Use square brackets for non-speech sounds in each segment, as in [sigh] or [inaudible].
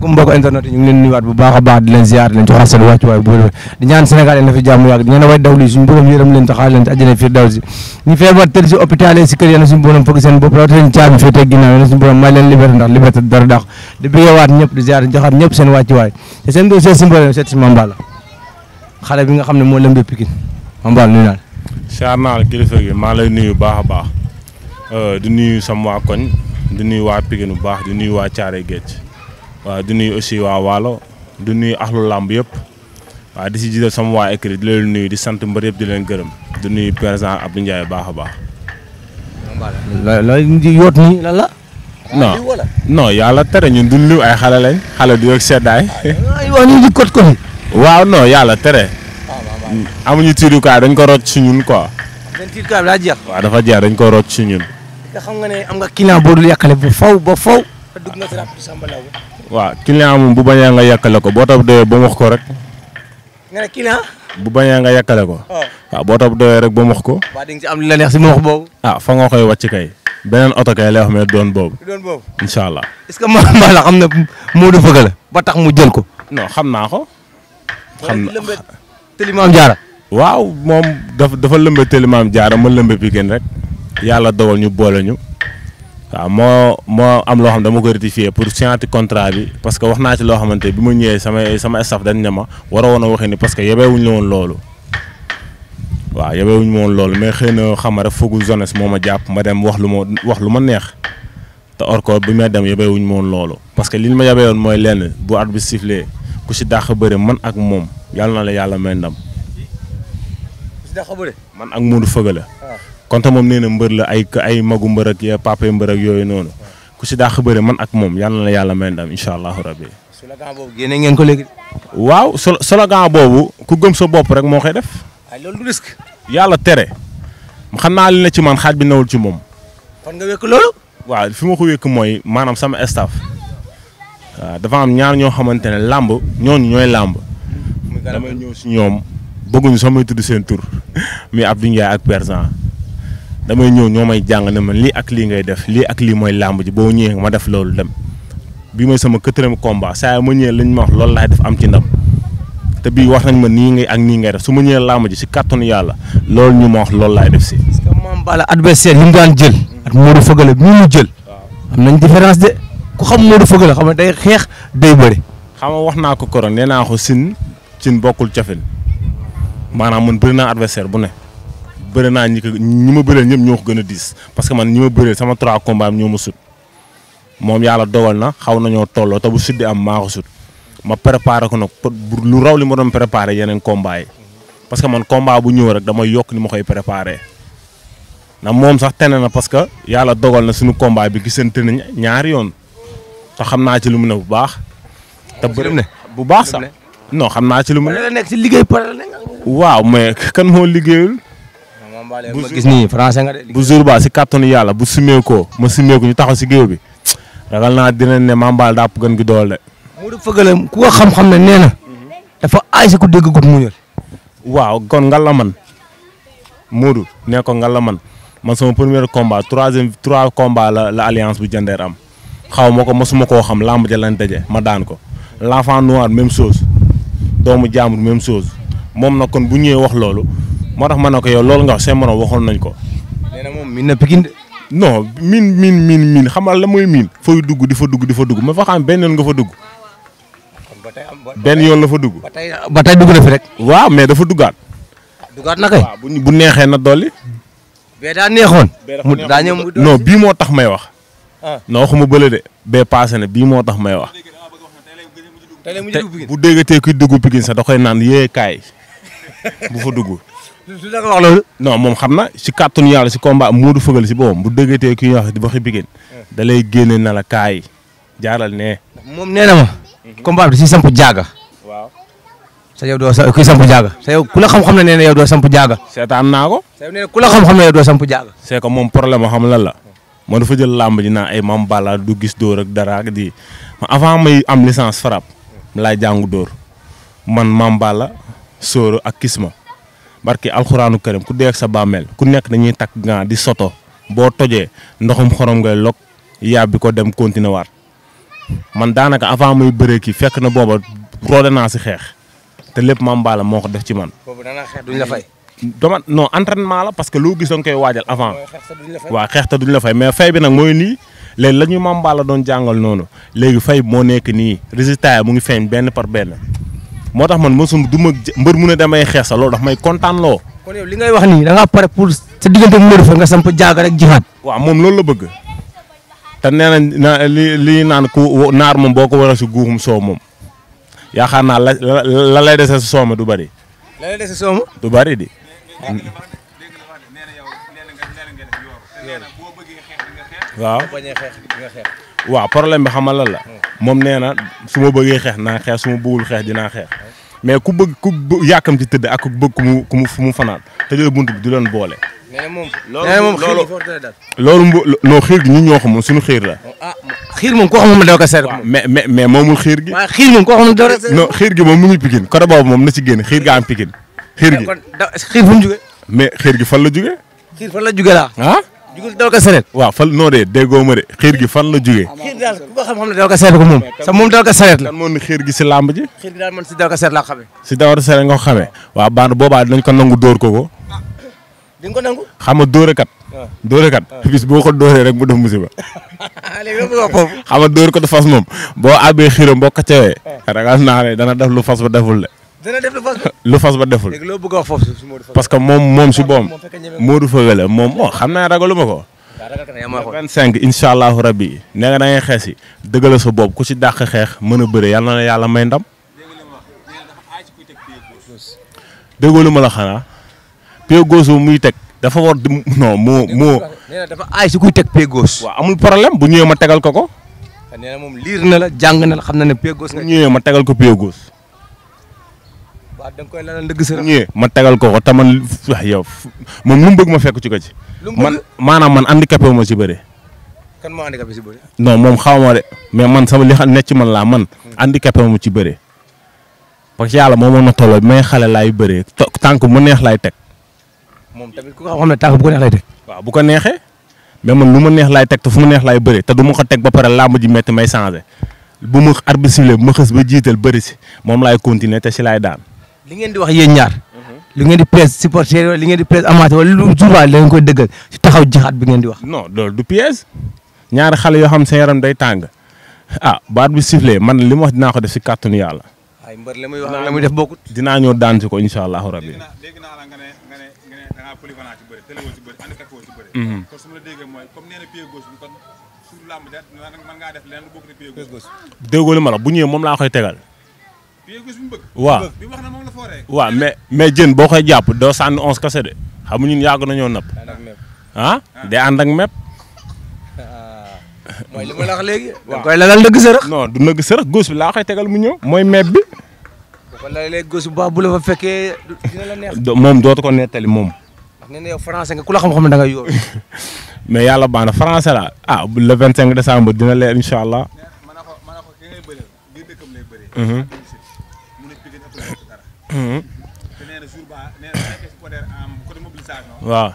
salaamaaleykum mbokk internet ñu ngi leen nuyuwaat bu baax a baax di leen ziar leen joxaat seen wàccuwaay bu di ñaan Sénégal na fi jàmm yàgg di ñaan way dawlu yi suñu borom yërëm leen taxaar leen ci àjjana fii daw si ñu feebar tëdd si hôpital si kër yéen a suñu borom may leen liberté ndax liberté dara dàq di bëggeewaat ñëpp di ziar di joxaat ñëpp seen wàccuwaay te seen dossier si si Mambala xale bi nga xam ne moo lëmbee Pikine Mambala nuyu naa kilifa gi maa lay nuyu baax a baax euh, di nuyu sama waa koñ di nuyu waa Pikine bu baax di nuyu waa Thiaré waaw di nuyu aussi waa Waalo di nuyu axlu làmb yëpp waaw di si jiital sama waa écrit di leen nuyu di sant mbër yëpp di leen gërëm di nuyu président Abdou Ndiaye baax baax. la la yoot nii lan la. non non yàlla tere ñun duñ liw ay xale lañ xale du yëg seddaay. waaw ñu ngi kot ko waaw non yàlla tere. Ah, amuñu tiirukaay dañ ko rocc si ñun quoi. benn dafa jeex dañ ko rocc si ñun. te nga ne am nga client boo dul yàqale faw ba faw. te dugg nga si rap Samba Law. waaw client bu bañee nga yàkkale ko boo tab doyee ba mu ko rek. bu bañee nga yàkkale ko. Oh. waaw boo tab doyee rek ba mu wax ko. waa di nga ci am lu la neex si mu wax boobu. ah fa nga koy wàcc kay. beneen oto kay lay wax mais doon boobu. doon boobu incha allah. est-ce que maa la xam ne Modou a la ba tax mu jël ko. non xam naa ko. xam na te li maam jaara. waaw moom dafa dafa lëmbe Télimaam Jaara ma lëmbe Pikine rek yàlla dogal ñu boole ñu waaw moo moo am loo xam dama ko rectifier pour signer contrat bi parce que wax naa ci loo xamante bi ma ñëwee sama sama staff dañ ne ma waroon a waxee ni parce que yebeewuñ la woon loolu waaw yebeewuñ ma loolu mais xëy na xam rek foogu jeunesse moom ma jàpp ma dem wax lu ma wax lu ma neex te or ko bi may dem yebeewuñ ma woon loolu. parce que li ñu ma yebeewoon mooy lenn bu at bi sifflé ku si dàq bëri man ak moom yàlla na la yàlla may ndam. man ak Modou Feugeula ah. konte moom nee na mbër la ay ay magu mbër ak papa mbër yooyu noonu ah. ku si daax bëre man ak moom yàlla na yàlla may ndam incha allahu rabbi slogan boobu génne ngeen ko léegi. waaw slogan boobu ku gëm sa bopp rek moo koy def. ay loolu yàlla tere xam naa li ci man xaaj bi nawul ci moom. kon nga wékk loolu. waaw ma ko wékk mooy maanaam sama staff dafa am ñaar ñoo xamante ne làmb ñooñu ñooy làmb. damay ñëw si ñoom. bëgguñu soo may tudd seen tur muy Abdou Ndiaye ak Père damay ñëw ñoo may jàng ne man lii ak lii ngay def lii ak lii mooy làmb ji boo ñëwee ma def loolu dem bi may sama quatrième combat saa ma ñëwee lañ ma wax loolu laay def am ci te bii wax nañ ma nii ngay ak nii su ma ñëwee làmb ji si kàttanu yàlla loolu ñu ma wax loolu lay def si. parce que moom Balla adversaire yi mu daan jël. ak Modou Feugeleu bi mu jël. am nañ différence de ku xam Modou Feugeleu xam ne day xeex day bëri. xam nga wax naa ko koroon naa ko sin sin bokkul cafin maanaam man bëri naa adversaire bu ne bëri naa ñi ko ma bëreel ñëpp ñoo ko gën a diis parce que man ñi ma bëreel sama trois combats ñoo ma sut moom yàlla dogal na xaw nañoo tolloo te bu suddi am maa ko ma préparé ko nag lu raw li ma doon préparé yeneen combat parce que man combat bu ñëw rek damay yokk ni ma koy préparé ndax moom sax tene na parce que yàlla dogal na suñu combat bi gis gisante nañ ñaari yoon te xam naa ci lu mu ne bu baax. te bëri ne bu baax sax. non xam naa ci lu mu. la nekk si liggéey pare la waaw mais kan moo liggéeyul. bu ma gis nii français ba si kàttanu yàlla bu sumee ko ma sumee ñu taxaw si géew bi ragal naa dinañ ne mambaal dàpp gën gi doole. Modou ku ko xam-xam ne nee na. dafa aay si ku dégg gudd mu ñor. waaw kon nga la man Modou nee ko nga la man man sama premier combat troisième trois combat la la alliance bu jandeer am xaw ma ko mosuma koo xam làmb ja lañ ma daan ko l'enfant noir même chose. doomu jaamur même chose moom nag kon bu ñëwee wax loolu moo tax ma ne ko yow loolu nga wax seen morom waxoon nañ ko. nee na moom miin na Pikine de. non miin miin miin miin xamal la mooy miin. fooy dugg di fa dugg di fa dugg ma fa xam benn yoon nga fa dugg. benn yoon la fa dugg. ba tey ba tey dugg na rek. waaw mais dafa duggaat. duggaat na kay. bu neexee na dolli. bee daa neexoon. daa ñëw non bii moo tax may wax. Ah. non waxuma bële de bee paase na bii moo tax may wax. te bu déggatee kuy dugg Pikine sa da koy naan yee kaay [laughs] bu fa dugg. su moom xam na si kàttanu yàlla si combat Modou Feugeul si boppam bu déggatee kuy wax di waxi Pikine eh. da dalay génne na la kaay jaaral nee. moom nee na ma. Mhm. combat bi si samp jaaga. waaw. sa yow doo sa kuy samp jaaga sa yow ku la xam-xam ne nee na yow doo samp jaaga. seetaan naa ko. ku la xam-xam ne yow doo samp jaaga. c'est que moom problème moo xam lan la. man dafa jël làmb ji naan ay mam bala du gis dóor ak dara ak avant may am licence frappe. laa jàngu dóor man Mame Balla Soro ak Kisma barki alxuraanu karim ku dee ak sa bàmmeel ku nekk dañuy takk gan di soto boo tojee ndoxum xorom ngay lok yàbbi ko dem continuer waat man daanaka avant muy bëree kii fekk na booba roode naa si xeex te lépp Mame Balla moo ko def ci man. boobu da xeex duñ la fay. dama non la parce que loo gis da koy waajal avant. waaw xeex te duñ la fay mais fay bi nag mooy nii. léegi la ñu Mame Balla doon jàngal noonu léegi fay moo nekk nii résultat yi mu ngi feeñ benn par benn moo tax man mosum du ma mbër mu ne damay xeex sa loolu daf may kontaan loo. li ngay wax nii da ngaa pare pour sa diggante mu fa nga samp jaaga rek jifaat waa moom loolu la bëgg te nee na li li naan ku naar ma mboo ko war a si guuxum soow moom yaakaar naa la la lay dese sa sooma du bari. la lay dese sooma du bari di. Ah. waaw bañ a xeex nga xeex. waaw problème bi xamal la. Hmm. moom nee na su ma bëggee xeex naa xeex su ma bëggul xeex dinaa xeex. mais ku bëgg ku yàkkam ci tëdd ak ku bëgg ku mu ku mu mu fanaan tëjal bunt bi du leen boole. mais moom loolu loolu mbo non xiir gi ñun ñoo xam moom suñu xiir la. ah xiir moom koo xam ne doo ko seet. waaw mais mais mais moomul xiir gi. waaw xiir moom koo xam ne doo ko seet. non xiir gi moom mu ngi Pikine côté boobu moom na ci génn xiir ga am Pikine. xiir gi mu jugee. mais xiir gi fan la jugee. xiir fan la jugee laa. ah jugul daw ka sareet waaw fan noo dee déggoo ma de xiir gi fan la jugee xiir daal ku ko xam-xam ne daw ka sareet ko moom sa moom daw ka sareet la moo ni xiir gi si làmb ji xiir gi daal daw ka sareet laa ko xamee si daw ka sareet ko boobaa dinañ ko nangu door ko ko ah, di nga ko nangu xam nga dóorekat ah. dóorekat bis ah. boo ko dóoree rek mu def musiba [laughs] léegi loolu foofu xam nga dóor ko fas moom boo abee xiiram boo ko cawee ragal naa dana def lu fas ba deful de dana def lu fas ba deful. léegi loo bëgg a wax foofu que moom moom si ah, boom Modou Feugueux la moom bon oh, xam naa ragaluma ko. waaw 25 incha allahu rabi nee nga da ngay xees yi sa bopp ku si dàq xeex mën a bëre yàlla na yàlla may ndam. dëggalu ma la xanaa pied gauche muy teg dafa war di non moo moo. nee na dafa aay amul problème bu ñëwee ma tegal ko ko. nee na moom liir na la jàng na la xam na ne pied nga. bu ñëwee ma tegal ko pied waaw da koy lanal ndëgg sërëm ma tegal ko ko te man yow moom lu mu bëgg ma fekk ci ko ci man maanaam man handicapé ma si bëri kan moo handicapé si bëri non moom xaw ma de mais man sama li ne ci man laa man handicapé ma ci bëri parce que yàlla moo na tolloo bi may xale laay bëree tànk mu neex laay teg moom tamit ku nga xam ne tànk bu ko neex lay teg waaw bu ko neexee mais man lu ma neex laay teg te fu ma neex laay bëree te du ma ko teg ba pare làmb ji metti may changé bu ma arbitre bu ma xës ba jiital bëri si moom laay continuer te si laay daan li ngeen di wax yéen ñaar. li ngeen di presse supporter li ngeen di presse amateur wala lu journal da ngeen koy dëggal ci taxaw jixaat bi ngeen di wax. non loolu du piège ñaari xale yoo xam sa yaram day tàng ah baat bi sifflé man li mu wax dinaa ko def si kàttanu yàlla. ay mbër la muy wax la muy def bokkut. dinaa ñëw daan si ko incha allahu rabbi. dégg naa la nga ne nga ne nga ne da ngaa polyvalent mhm. la déggee lu ma la bu ñëwee moom laa koy tegal waaw waaw mais mais jën boo koy jàpp doo sànni onze kase de xam nga ñun yàgg nañoo napp. Ah? ah day ànd ak mépp. Ah. mooy li ma la wax léegi. waaw koy lalal nëgg sërëx. non du nëgg sërëx bi laa koy tegal mu ñëw. mooy mépp bi. wala léegi bu baax bu fa fekkee dina la neex. moom dootu ko nettali moom. wax nga ne yow français nga ku la xam-xam da nga yor. mais yàlla baax na français la ah le 25 décembre dina leer incha allah. mën waaw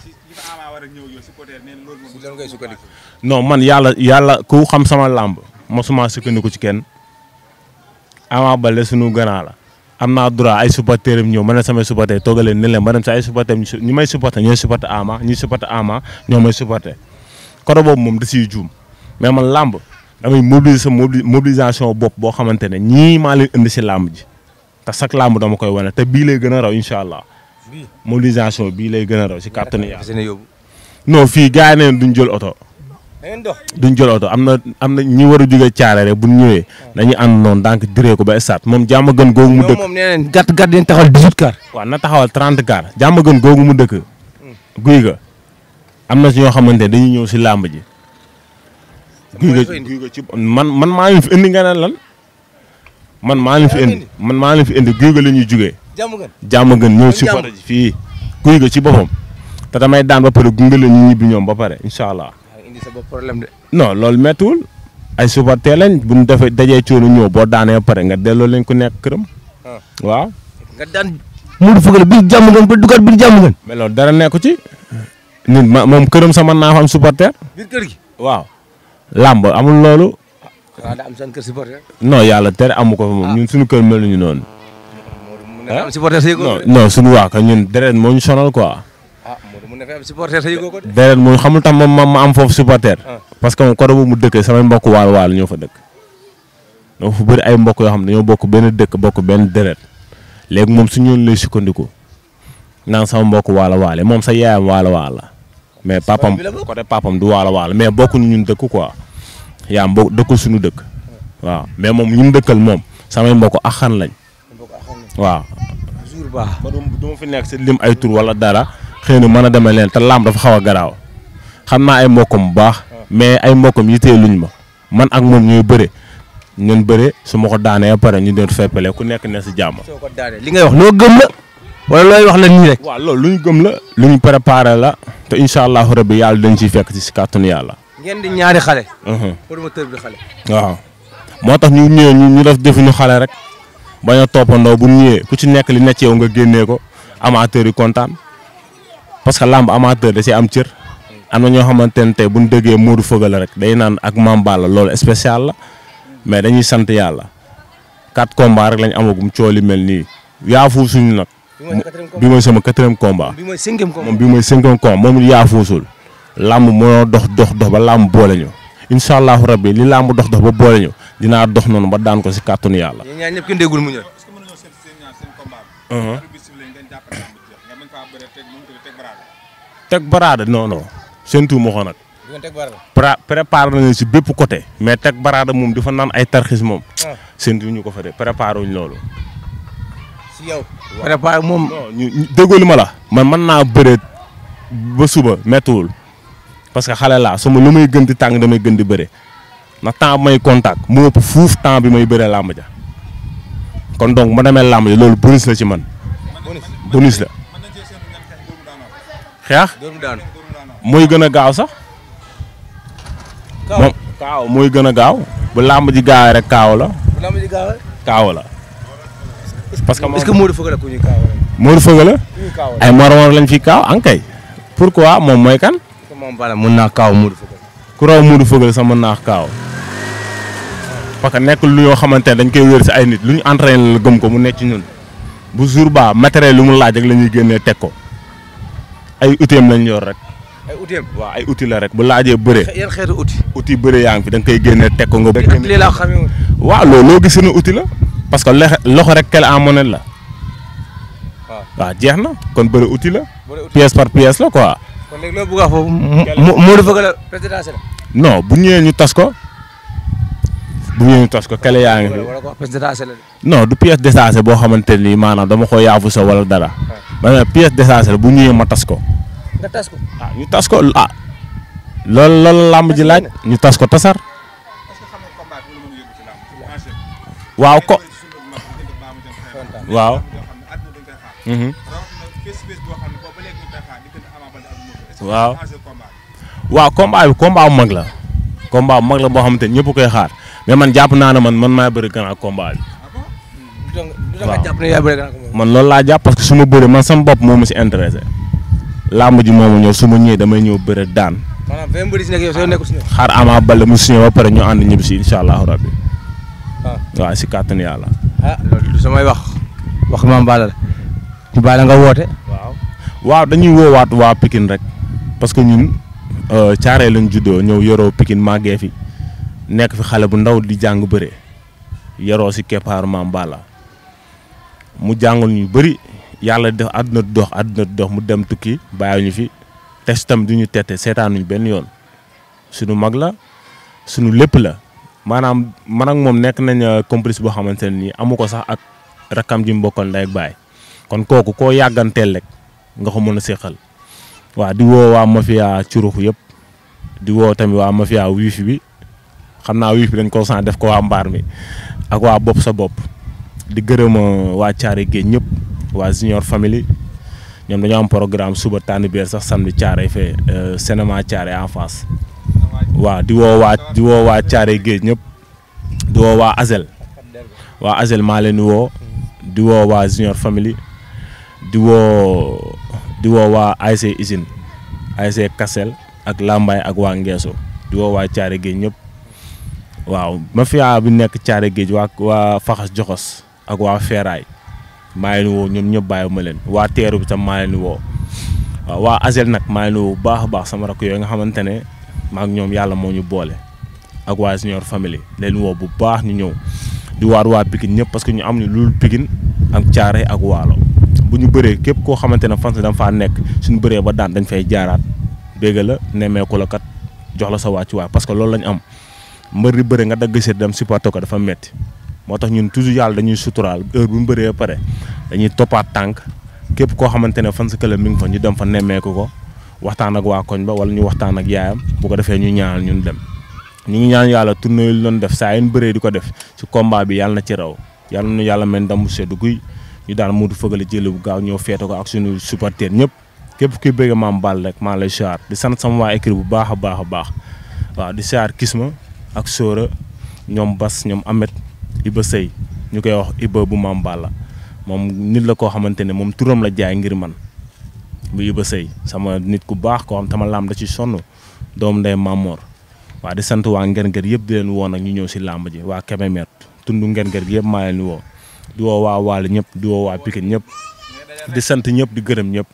non man yàlla yàlla ku xam sama làmb mosuma sukkandiku ci kenn Ama Baldé sunu gannaaw la am naa droit ay supporteram ñëw ma ne samay supporter toogaleen ne leen ma dem si ay supporter ñu may supporter ñooy supporter Ama ñuy supporter Ama ñoo may supporter côté boobu moom da siy juum mais man làmb damay mobiliser sa mobilisation bopp boo xamante ne ñii maa leen indi si làmb ji te chaque làmb dama koy wane te bii lay gën a raw incha allah mobilisation bii lay gën a raw si kàttanu yàlla. non fii gars yi neen duñ jël oto. duñ jël oto am na am na ñi war a jóge caara rek bu ñu ñëwee dañu ànd noonu donc diree ko ba stade moom jàmm gën googu mu dëkk. moom nee nañ taxawal 18 car. waaw na taxawal 30 car jàmm gën googu mu dëkk. Hmm. guy ga am na si ñoo xamante ne dañuy ñëw si làmb ji. guy ga guy ga ci man maa ngi fi indi nga ne lan. man maa leen fi indi man maa leen fi indi guy ga la ñuy jugee. jàmm gën ñëw si pare fii guy ga ci boppam. te damay daan ba pare gunge la ñu ñibbi ñoom ba pare incha allah. indi sa bopp problème de. non loolu ay supporter lañ bu ñu defee dajee coono ñëw boo daanee ba pare nga delloo leen ku nekk këram. Ah. waaw. nga daan Modou Feugeule biir jàmm gën ba dugaat biir jàmm gën. dara nekku ci. nit ma moom këram sama naa fa am supporter. biir kër gi amul loolu. waaw daa am seen kër supporter. yàlla tere amu ko moom ah. ñun suñu kër mel ñu noonu. non non suñu waa ka ñun deret moo ñu sonal quoi. ah mu ne fa deret moo xamul tax moom ma am foofu supporter. Ah. parce que moom côté mu dëkkee samay mbokk waal waal ñoo fa dëkk. donc fu bëri ay mbokk yoo xam ne dañoo bokk benn dëkk bokk benn deret léegi moom su yoon lay sukkandiku naan sama mbokk waalo waale moom sa yaayam waalo waala mais papam côté papam du waala waala mais bokkuñu ñun dëkk quoi. yaa mbokk dëkkul suñu dëkk waaw mais moom ñun dëkkal moom samay mbokk axan lañ waaw jour baax du ma fi nekk si lim ay tur wala dara xëy na mën a demee leen te laam dafa xaw a garaaw xam naa ay mbokkam bu baax mais ay mbokkam yitee luñ ma man ak moom ñooy bëre ñun bëre su ma ko daanee pare ñu doon feppale ku nekk ne si jàmm li ngay wax loo gëm la wala looy wax la nii rek waaw lu ñu gëm la lu ñu la te incha allahu rabbi yàlla dañ siy fekk ci si kàttanu yàlla ngeen di ñaari xale. Mhm. promoteur bi xale. waaw moo tax ñu ñëwee ñu ñu def defuñu xale rek bañ a toppandoo bu ñëwee ku ci nekk li ne ci nga génnee ko amateur yi kontaan parce que làmb amateur da si am cër. am na ñoo xamante ne tey bu ñu déggee Modou Feugeule rek day naan ak Mame Balla loolu spécial la mais dañuy sant yàlla quatre combats rek lañ amagum coow li mel nii yaafu suñu nag. bi mooy sama quatrième combat bi mooy cinquième combat moom bi mooy cinquième combat moom it làmb moo dox dox dox ba làmb boole ñu incha allahu rabbi li làmb dox dox ba boole ñu dinaa dox noonu ba daan ko si kàttanu yàlla. yéen ñaar ñëpp mu uh-huh. teg baraada noonu non séntu ma ko nag. pra nañu si bépp côté. mais teg baraada moom di fa naan ay tarxis moom. Ah. séntu ñu ko fa de préparé wuñ loolu. si yow. préparé moom. non ma la. man mën naa bëreet ba suba méttiwul. parce que xale laa su ma lu may gën di tàng damay gën di bëre ndax temps may contact mu ëpp fuuf temps bi may bëre làmb ja kon donc ma demee làmb ja loolu bonus la ci man. bonus la. xeex mooy gën a gaaw sax. moom mooy gën a gaaw bu làmb ji gaawee rek kaaw la. kaaw la. parce que est-ce que Modou la. Modou Feugeula ay lañ fi kaaw ankay pourquoi moom mooy kan. moom bala mun naa kaaw Modou Feugeule ku raw Modou Feugeule sax mën naa kaaw parce que nekk lu yoo xamante ne dañ koy wér si ay nit lu ñu entre la gëm ko mu nekk ci ñun bu jour ba matériel lu mu laaj rek la ñuy génnee teg ko ay uteem lañ yor rek. ay outil waa ay outil la rek bu laajee bëre. yan xeetu outil. outil bëre yaa ngi fi koy génne teg ko nga. bëgg lii laa xamee woon. waaw loolu loo gis suñu outil la parce que loxo rek kel amoon la. waaw waaw jeex na kon bëre outil la. pièce par pièce la quoi. kon léegi a wax foofu Modou Feugeula bu ñëwee ñu tas ko bu ñëwee ñu ko kale yaa ngi fi non du pièce détachée boo xamante nii maanaam dama ko yaafu sa wala dara ah. maanaam pièce détachée la bu ñëwee ma tas ko ah, ñu tas ko ah loolu loolu làmb ji laaj ñu tas ko tasar waaw ko waaw waaw waaw combat bi combat bu mag la. combat bu mag la boo xamante ni ñëpp koy xaar mais man jàpp naa ne man man maa ah bëri grand combat bi. man loolu laa jàpp parce que su ma bëree man sama bopp moom ma si intéressé. làmb ji moomu ñëw su ma ñëwee damay ñëw bëre daan. maanaam vingt mbëri si nekk yow soo nekkul si ñoom. xaar mu si ñëw ba pare ñu ànd ñibbi si incha allahu rabbi. waaw ah. waaw si kàttanu yàlla. Ah, loolu samay wax wax maam Balla la. ñu nga woote. waaw waaw dañuy woowaat waa Pikine rek. parce que ñun euh, caaree lañ juddoo ñëw yoroo pikin màggee fi nekk fi xale bu ndaw di jàng bëre yoroo si keppaaru maam Balla mu jàngul ñu bëri yàlla def àdduna dox àdduna dox mu dem tukki bàyyi ñu fi testam du ñu tette seetaanuñ benn yoon suñu mag la sunu lépp la maanaam man ak moom nekk nañ euh, complice boo xamante ne nii amu ko sax ak rakkam ji mbokkoon day bàyyi kon kooku koo yàgganteel rek nga ko mën a séqal waaw di woo waa mafia curux yëpp di woo tamit waa mafia wiif bi xam naa wiif bi dañ ko sant def ko waa mbaar mi ak waa bopp sa bopp di gërëm euh, waa caare géej ñëpp waa junior family ñoom dañoo am programme suba tànn sax samedi caare fee euh, cinéma caare en face waaw di waa di woo waa caare géej ñëpp di woo waa azel waa azel maa leen woo di woo waa junior family di woo di woo waa ASC Usine ASC Kassel ak Lambaye ak waa Ngeeso di woo waa Caare Géej ñëpp waaw mafia bu nekk Caare Géej waa waa Faxas Joxos ak waa Feeraay maa leen woo ñoom ñëpp bàyyi ma leen waa teeru bi tam maa leen woo waa Azel nag maa woo bu baax a baax sama rakk yooyu nga xamante ne maak ñoom yàlla moo ñu boole ak waa Junior Family leen woo bu baax ñu ñëw di waar waa Pikine ñëpp parce que ñu am lu lul Pikine ak Caare ak Waalo bu ñu bëree képp koo xamante ne fans dama faa nekk suñu bëree ba daan dañ fay jaaraat dégg la nemmeeku la kat jox la sa wàccuwaay parce que loolu lañu am mbër di bëre nga dagg si dem ko dafa metti moo tax ñun toujours yàlla dañuy suturaal heure bu ñu bëree dañuy toppaat tànk koo xamante ne fans club mi ngi fa ñu dem fa nemmeeku ko waxtaan ak waa koñ ba wala ñu waxtaan ak yaayam bu ko defee ñu ñaanal ñun dem ñu ngi ñaan yàlla tournoi yu doon def saa yu ñu bëree di ko def ci combat bi yàlla na ci raw yàlla nu yàlla mel ndam bu sedd guy ñu daan Modou Feugeule jëli bu gaaw ñëw feete ko ak suñu supporter ñëpp képp kuy bëgg maam Balla rek maa lay siyaar di sant sama waa écrit bu baax a baax a baax waaw di siyaar Kisma ak Sora ñoom Bas ñoom Amet Iba Sey ñu koy wax Iba bu maam la moom nit la koo xamante ne moom turam la jaay ngir man bu Iba sëy sama nit ku baax koo xam tama laam da ci sonn doom nday Mamor waaw di sant waa Ngeer Ngeer yëpp di leen woo nag ñu ñëw si làmb ji waa Kébémer tund Ngeer Ngeer yëpp maa leen woo di woo waa Waalo ñëpp di woo waa Pikine ñëpp di sant ñëpp di gërëm ñëpp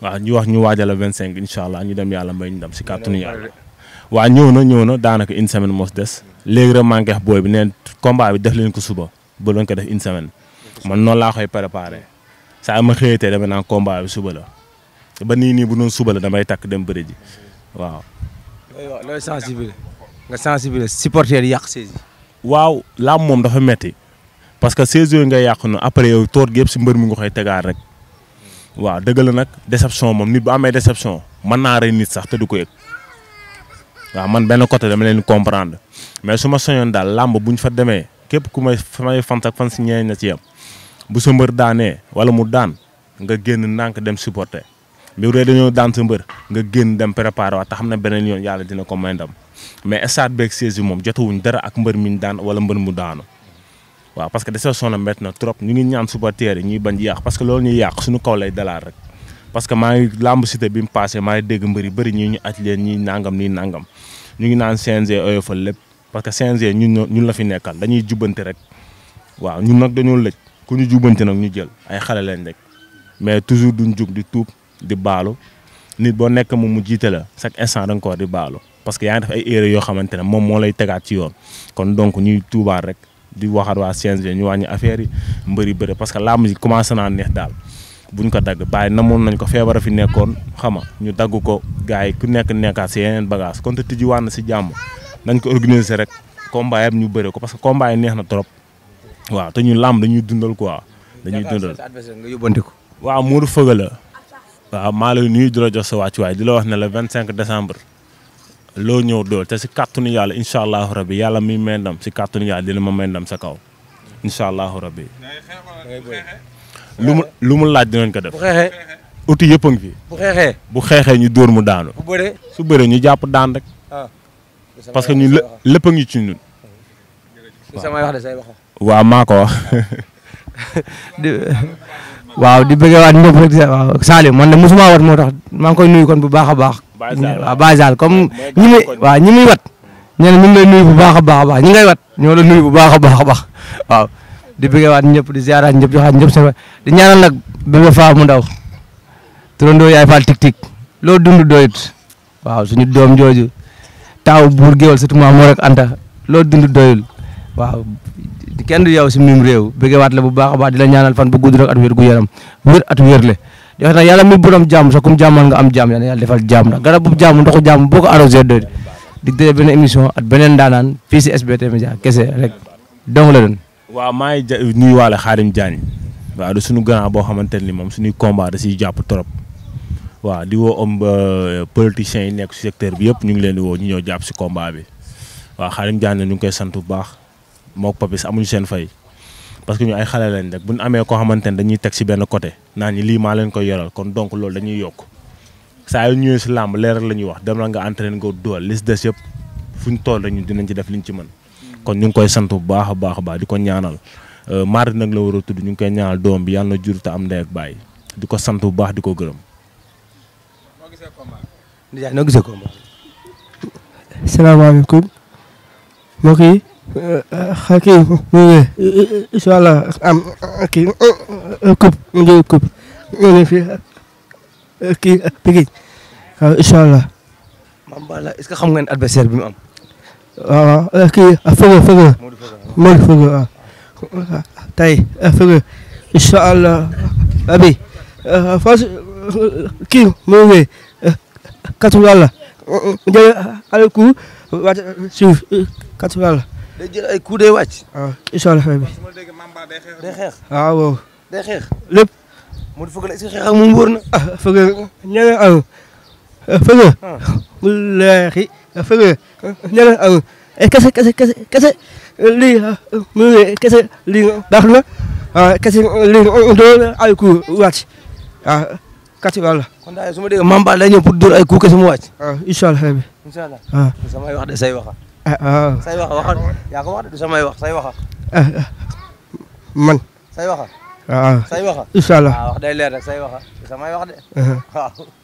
waaw ñu wax ñu waajal la vingt cinq incha allah ñu dem yàlla mbay ñu dem si kàttanu yàlla. waa ñëw na ñëw na daanaka une semaine mos des léegi rek maa ngi booy bi neen combat bi def leen ko suba ba leen def une semaine man noonu laa koy préparé saa ma xëyatee dama naan combat bi suba la ba nii nii bu doon suba la damay takk dem bëri ji waaw. looy sensibiliser nga sensibiliser yàq saisi. waaw laam moom dafa metti parce que 16 yooyu nga yàq noonu après yow toor gi yëpp si mbër mi nga koy tegaat rek waaw dëgg nag déception moom nit bu amee déception man naa rey nit sax te du ko yëg waaw man benn côté dama leen comprendre mais su ma soñoon daal làmb bu ñu fa demee képp ku may samay fanta fan si ñeeñ na ci yam bu sa mbër daanee wala mu daan nga génn ndànk dem supporter bi ree dañoo daan sa mbër nga génn dem préparer waat te xam na beneen yoon yàlla dina ko may ndam mais stade beeg siège bi moom jotawuñ dara ak mbër mi ñu wala mbër mu daanu waaw parce que déception na métti na trop ñu ngi ñaan suba yi ñuy bañ yàq parce que loolu ñuy yàq suñu kaw lay dalaal rek parce que maa ngi làmb cité bi mu passé maa ngi dégg mbëri bëri ñii ñu aj leen ñii nangam nii nangam ñu ngi naan CNG fa lépp parce que CNG ñun ñun la fi nekkal dañuy jubbante rek waaw ñu nag dañoo lëj ku ñu jubbante nag ñu jël ay xale leen rek mais toujours duñ jug di tuub di baalu nit boo nekk mu mu jiite la chaque instant da nga parce que yaa ngi yoo xamante ne moom moo lay tegaat ci yoon kon donc ñuy tuubaat rek. di waxaat waa CNG ñu wàññi affaire yi mbëri bëri parce que làmb ji commencé naa neex daal buñ ko dagg na namoon nañ ko feebara fi nekkoon xama ñu dagg ko gars yi ku nekk nekkaat si yeneen bagage kon te tijjiwaan na si jàmm nañ ko organiser rek combat am ñu bëri ko parce que combat neex na trop waaw te ñu làmb dañuy dundal quoi dañuy dundal nga yóbbante ko waaw Modou Feugeula waaw maa lay nuyu di la jox sa wàccuwaay di la wax ne le 25 décembre loo ñëw dool te si kàttanu yàlla incha allahu rabi yàlla mi may ndam si kàttanu yàlla dina ma may sa kaw incha allahu rabi. lu mu lu mu laaj dinañ ko def. bu xeexee a ngi fi. bu xeexee ñu dóor mu daanu. bu bëree su bëree ñu jàpp daan rek. Ah. parce que ñu lépp ngi ci ñun. waaw maa ko [laughs] waaw di bëggee waat ñëpp rek waaw Salim de mosuma wat moo tax maa koy nuyu kon bu baax a baax. waaw basal comme ñi waaw ñi muy wat ñu ne ñu ngi bu baax a baax a baax ñi ngay wat ñoo la nuyu bu baax baax a baax waaw di bëggee waat ñëpp di ziaraat ñëpp joxaat ñëpp sama di ñaanal nag Bébé Fall mu ndaw turandoo yaay Fall Tik Tik loolu dund doyut waaw suñu doom jooju taaw buur géwal surtout tu moo rek anta loolu dund doyul waaw kenn du yow si mim réew bëggee waat la bu baax a baax di la ñaanal fan bu gudd rek at wér gu yaram at wér le di wax nag yàlla mi borom jàmm sax kum jàmmal nga am jàmm yàlla yàlla defal jàmm nag garab bu jàmm ndoxu jàmm boo ko arrosé doy di déglu benn émission ak beneen daanaan fii si SBT Média kese rek dong la doon. waaw maa ngi ja nuyuwaale Xaadim Diagne waaw suñu grand boo xamante ni moom suñuy combat da siy jàpp trop waaw di woo om euh, politiciens yi nekk si secteur bi yëpp ñu ngi leen di woo ñu ñëw jàpp si kombaa bi waaw Xaadim Diagne ñu ngi koy sant bu baax moo mook Papis amuñu seen fay. parce que ñu ay xale lañ rek bu ñu amee koo xamante ne dañuy teg si benn côté naa ñi lii maa leen koy yoral kon donc loolu dañuy yokk saa yu ñëwee si làmb leer la ñuy wax dem la nga entraîné nga dool li si des yëpp fu ñu ci def kon ñu ngi koy sant bu baax a baax a baax di ko ñaanal euh, mardi nag la war a tudd ñu ngi koy ñaanal doom bi yàlla na jur te am ndey ak bàyyi di ko sant bu baax di ko gërëm. noo gisee combat. salaamaaleykum kii mu ngi allah am kii coupe mu ngi coupe mu ngi fii kii xam ngeen adversaire bi mu am. waaw kii Feugueux Feugueux. Modou Feugueux waaw. tey allah abi fas kii mu ngi katu yàlla jëlee alku waat suuf katu day jël ay coup day wàcc. waaw ah, incha bi. day xeex. waaw ah, waaw. day xeex lépp. mu fëgg la est xeex ak moom wóor na. ah fëgg ñeneen amul. fëgg. wallaahi ah, fëgg eh, kese kese kese kese lii mu kese lii baax na kese lii doon ay coup wàcc waaw kati wàlla. kon daal su ma ay coup kese mu wàcc. waaw incha bi. ah say wax waxal yaa ko wax de du samay wax say waxa man. say waxa. waaw say waxa. incha allah ah, wax day leer rek say waxa du samay wax de uh-huh. waaw.